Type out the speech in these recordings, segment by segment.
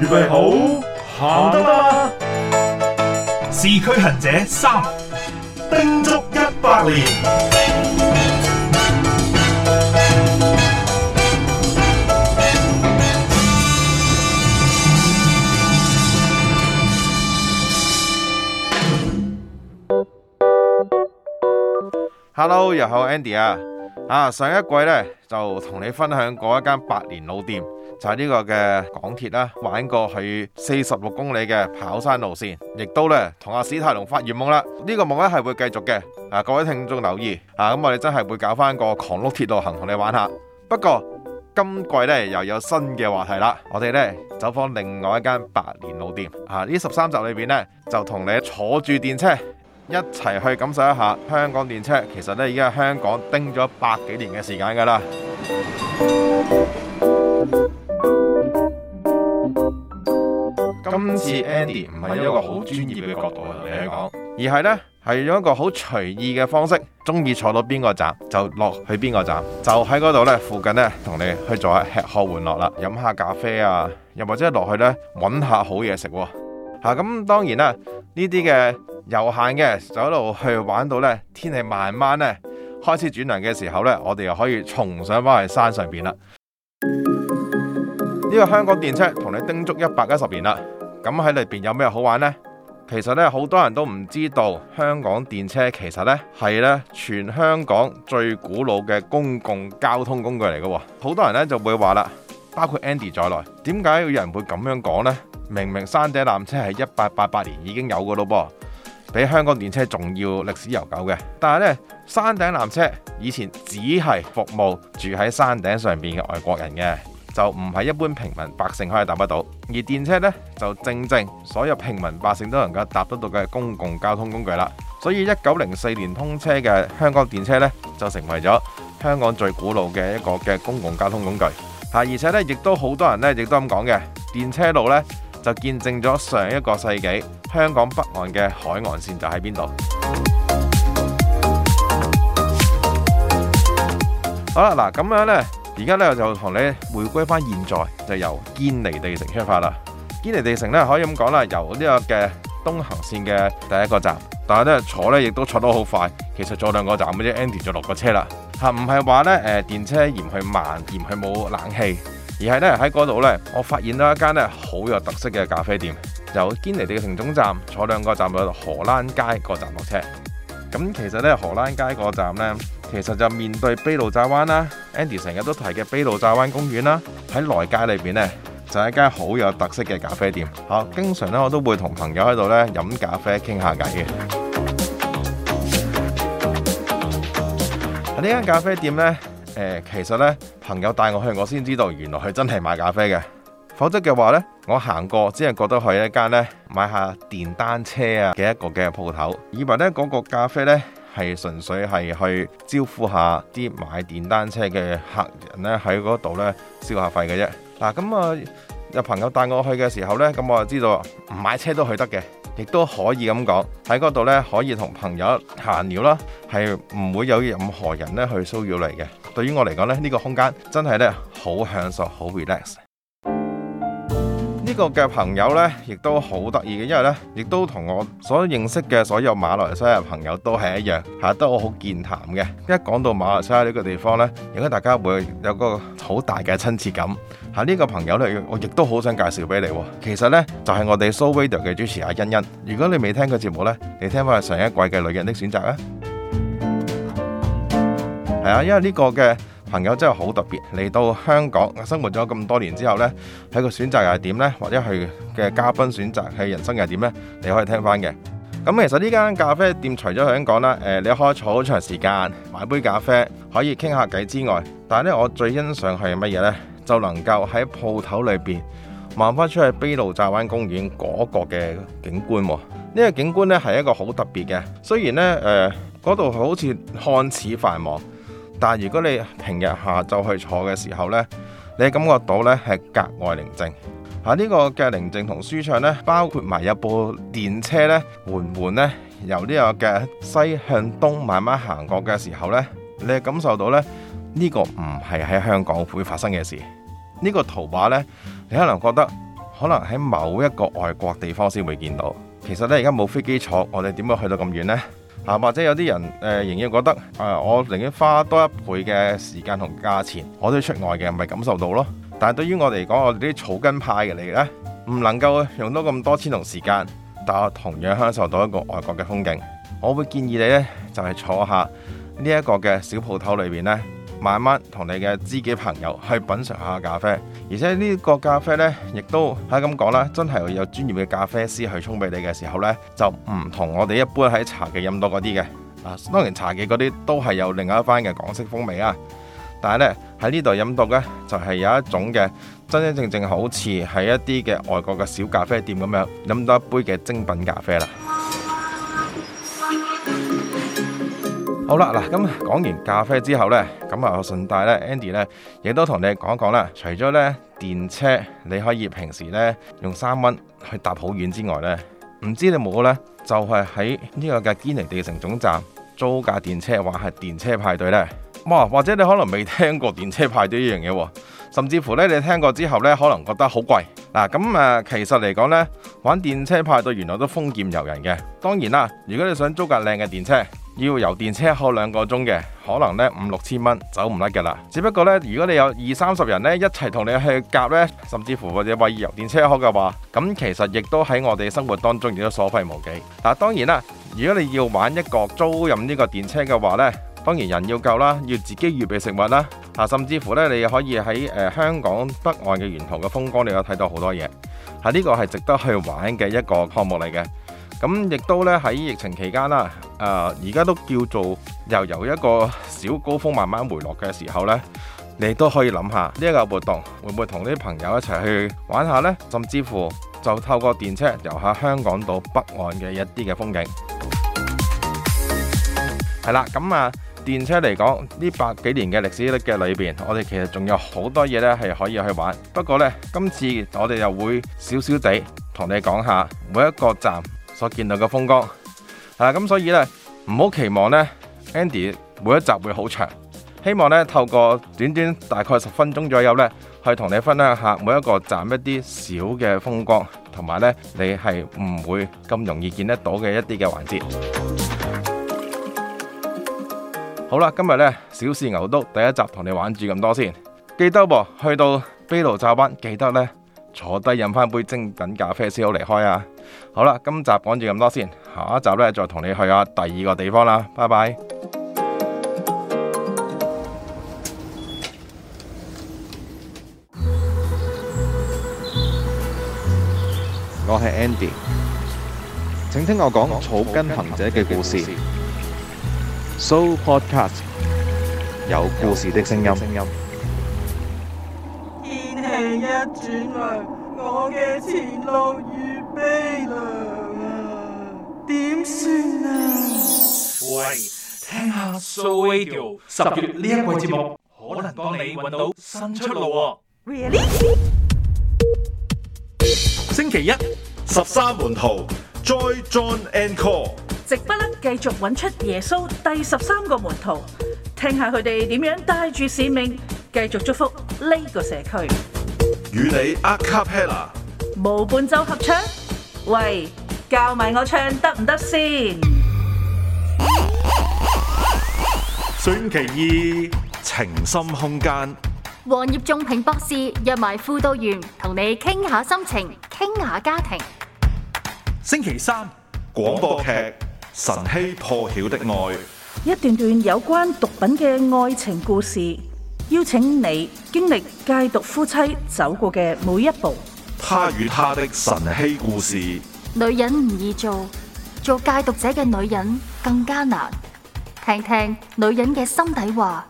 預備好，行得啦！市區行者三叮足一百年。Hello，又係 Andy 啊！啊，上一季咧就同你分享過一間百年老店。就係呢個嘅港鐵啦，玩過去四十六公里嘅跑山路線，亦都呢同阿史泰龍發願夢啦。呢個夢呢係會繼續嘅，啊各位聽眾留意，啊咁我哋真係會搞翻個狂碌鐵路行同你玩下。不過今季呢又有新嘅話題啦，我哋呢走訪另外一間百年老店，啊呢十三集裏邊呢，就同你坐住電車一齊去感受一下香港電車，其實呢已經係香港叮咗百幾年嘅時間噶啦。今次 Andy 唔係一個好專業嘅角度嚟講，而係呢，係用一個好隨意嘅方式，中意坐到邊個站就落去邊個站，就喺嗰度呢附近呢，同你去做下吃喝玩樂啦，飲下咖啡啊，又或者落去呢，揾下好嘢食。吓、啊、咁、嗯、當然啦，呢啲嘅悠閒嘅走路去玩到呢，天氣慢慢呢開始轉涼嘅時候呢，我哋又可以重上翻去山上邊啦。呢、這個香港電車同你叮足一百一十年啦。咁喺裏邊有咩好玩呢？其實咧好多人都唔知道，香港電車其實咧係咧全香港最古老嘅公共交通工具嚟嘅。好多人咧就會話啦，包括 Andy 在內，點解有人會咁樣講呢？明明山頂纜車係一八八八年已經有嘅咯噃，比香港電車仲要歷史悠久嘅。但係咧，山頂纜車以前只係服務住喺山頂上邊嘅外國人嘅。就唔係一般平民百姓可以搭得到，而電車呢，就正正所有平民百姓都能夠搭得到嘅公共交通工具啦。所以一九零四年通車嘅香港電車呢，就成為咗香港最古老嘅一個嘅公共交通工具吓，而且呢，亦都好多人呢，亦都咁講嘅電車路呢，就見證咗上一個世紀香港北岸嘅海岸線就喺邊度。好啦，嗱，咁樣呢。而家咧我就同你回歸翻現在，就由堅尼地城出發啦。堅尼地城咧可以咁講啦，由呢個嘅東行線嘅第一個站，但係咧坐咧亦都坐得好快，其實坐兩個站嘅啫，Andy 就落個車啦。嚇，唔係話咧誒電車嫌佢慢，嫌佢冇冷氣，而係咧喺嗰度咧，我發現到一間咧好有特色嘅咖啡店。由堅尼地城總站坐兩個站到荷蘭街嗰站落車。咁其實咧荷蘭街嗰站咧。其實就面對卑路乍灣啦，Andy 成日都提嘅卑路乍灣公園啦，喺內街裏邊呢，就係一間好有特色嘅咖啡店。好，經常咧我都會同朋友喺度呢飲咖啡傾下偈嘅。呢間咖啡店呢，誒、呃，其實呢，朋友帶我去，我先知道原來佢真係賣咖啡嘅，否則嘅話呢，我行過只係覺得去一間呢，賣下電單車啊嘅一個嘅鋪頭，以為呢嗰個咖啡呢。係純粹係去招呼下啲買電單車嘅客人咧，喺嗰度咧消下費嘅啫。嗱，咁啊，有朋友帶我去嘅時候呢，咁我就知道唔買車都去得嘅，亦都可以咁講。喺嗰度呢，可以同朋友閒聊啦，係唔會有任何人咧去騷擾你嘅。對於我嚟講呢，呢個空間真係呢，好享受，好 relax。呢個嘅朋友咧，亦都好得意嘅，因為咧，亦都同我所認識嘅所有馬來西亞嘅朋友都係一樣，係都我好健談嘅。一講到馬來西亞呢個地方咧，應該大家會有個好大嘅親切感。吓，呢個朋友咧，我亦都好想介紹俾你。其實咧，就係我哋蘇維德嘅主持阿欣欣。如果你未聽過節目咧，你聽翻佢上一季嘅《女人的選擇》啊。係啊，因為呢個嘅。朋友真係好特別，嚟到香港生活咗咁多年之後咧，睇佢選擇又係點呢？或者佢嘅嘉賓選擇係人生又係點呢？你可以聽翻嘅。咁其實呢間咖啡店除咗香港啦，誒你可以坐好長時間，買杯咖啡，可以傾下偈之外，但係呢，我最欣賞係乜嘢呢？就能夠喺鋪頭裏邊望翻出去卑路乍灣公園嗰個嘅景觀喎。呢個景觀呢，係一個好特別嘅，雖然呢，誒嗰度好似看似繁忙。但如果你平日下晝去坐嘅時候呢，你感覺到呢係格外寧靜。吓、這、呢個嘅寧靜同舒暢呢，包括埋有部電車呢，緩緩呢由呢個嘅西向東慢慢行過嘅時候呢，你感受到呢，呢個唔係喺香港會發生嘅事。呢、呢個圖畫呢，你可能覺得可能喺某一個外國地方先會見到。其實呢，而家冇飛機坐，我哋點解去到咁遠呢？或者有啲人仍然覺得我寧願花多一倍嘅時間同價錢，我都要出外嘅，唔係感受到咯。但係對於我嚟講，我哋啲草根派嘅嚟咧，唔能夠用多咁多錢同時間，但我同樣享受到一個外國嘅風景。我會建議你咧，就係坐下呢一個嘅小鋪頭裏邊咧。慢慢同你嘅知己朋友去品嚐下咖啡，而且呢個咖啡呢，亦都係咁講啦，真係會有專業嘅咖啡師去沖俾你嘅時候呢，就唔同我哋一般喺茶記飲到嗰啲嘅。啊，當然茶記嗰啲都係有另外一番嘅港式風味啊，但係呢，喺呢度飲到咧，就係有一種嘅真真正正，正好似喺一啲嘅外國嘅小咖啡店咁樣飲到一杯嘅精品咖啡啦。好啦，嗱，咁講完咖啡之後呢，咁啊，順帶呢 Andy 呢，亦都同你講一講啦。除咗呢電車，你可以平時呢用三蚊去搭好遠之外呢，唔知你有冇呢？就係喺呢個嘅堅尼地城總站租架電車，或係電車派對呢。哇，或者你可能未聽過電車派對呢樣嘢，甚至乎呢，你聽過之後呢，可能覺得好貴。嗱，咁、呃、啊，其實嚟講呢，玩電車派對原來都豐儉由人嘅。當然啦，如果你想租架靚嘅電車。要油電車開兩個鐘嘅，可能呢五六千蚊走唔甩㗎啦。只不過呢，如果你有二三十人呢一齊同你去夾呢，甚至乎或者話油電車開嘅話，咁其實亦都喺我哋生活當中亦都所費無幾。嗱，當然啦，如果你要玩一個租賃呢個電車嘅話呢，當然人要夠啦，要自己預備食物啦，嚇、啊，甚至乎呢，你可以喺誒、呃、香港北岸嘅沿途嘅風光看，你有睇到好多嘢，嚇，呢個係值得去玩嘅一個項目嚟嘅。咁亦都呢，喺疫情期間啦。誒而家都叫做又由一個小高峰慢慢回落嘅時候呢，你都可以諗下呢一個活動會唔會同啲朋友一齊去玩下呢？甚至乎就透過電車遊下香港島北岸嘅一啲嘅風景。係啦，咁 啊樂，那電車嚟講呢百幾年嘅歷史嘅裏邊，我哋其實仲有好多嘢呢係可以去玩。不過呢，今次我哋又會少少地同你講下每一個站所見到嘅風光。啊，咁所以咧，唔好期望呢 Andy 每一集會好長，希望呢透過短短大概十分鐘左右呢，去同你分享下每一個站一啲小嘅風光，同埋呢你係唔會咁容易見得到嘅一啲嘅環節。好啦，今日呢，小試牛刀第一集同你玩住咁多先，記得噃，去到碑路站班記得呢，坐低飲翻杯精品咖啡先好離開啊！好啦，今集講住咁多先，下一集咧再同你去下第二個地方啦。拜拜！我係 Andy，請聽我講草根行者嘅故事。So Podcast，有故事的聲音。一轉來，我嘅前路愈悲涼啊！點算啊？喂，聽下 So Radio 十月呢一季節目，可能幫你搵到新出路。Really？星期一十三門徒 Joy, John and Cole，直不甩繼續搵出耶穌第十三個門徒，聽下佢哋點樣帶住使命，繼續祝福呢個社區。與你阿卡貝拉，無伴奏合唱。喂，教埋我唱得唔得先？星期二，情深空間。黃葉仲平博士約埋輔導員同你傾下心情，傾下家庭。星期三廣播劇《晨曦破曉的愛》，一段段有關毒品嘅愛情故事。邀請你經歷戒毒夫妻走過嘅每一步，他與他的晨曦故事。女人唔易做，做戒毒者嘅女人更加難。聽聽女人嘅心底話，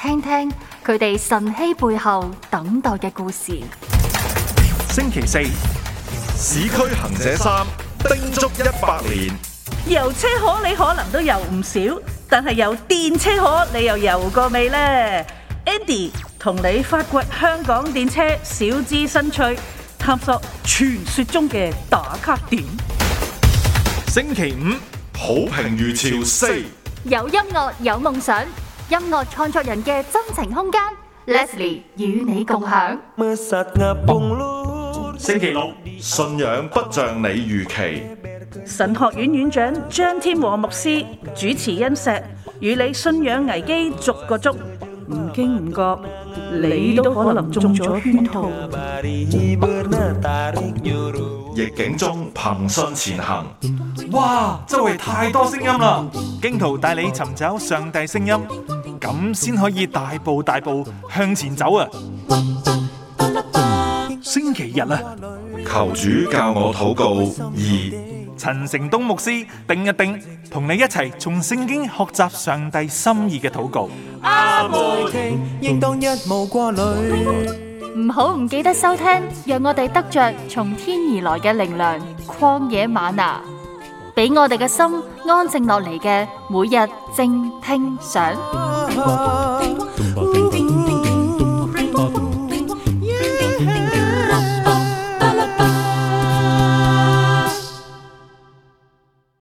聽聽佢哋晨曦背後等待嘅故事。星期四，市區行者三叮足一百年。遊車河你可能都遊唔少，但係遊電車河你又遊過未呢？同你發掘香港電車小資新趣，探索傳說中嘅打卡點。星期五好評如潮四，有音樂有夢想，音樂創作人嘅真情空間。Leslie 與你共享。星期六信仰不像你預期，神學院院長張天和牧師主持恩石，與你信仰危機逐個逐。唔經唔覺，你都可能中咗圈套。逆境中憑身前行。哇，周圍太多聲音啦！經途帶你尋找上帝聲音，咁先可以大步大步向前走啊！星期日啊，求主教我禱告二。陳成東牧師定一定同你一齊從聖經學習上帝心意嘅禱告。阿門。應當一無掛慮。唔好唔記得收聽，讓我哋得着從天而來嘅靈糧。曠野瑪拿，俾我哋嘅心安靜落嚟嘅每日正聽想。東東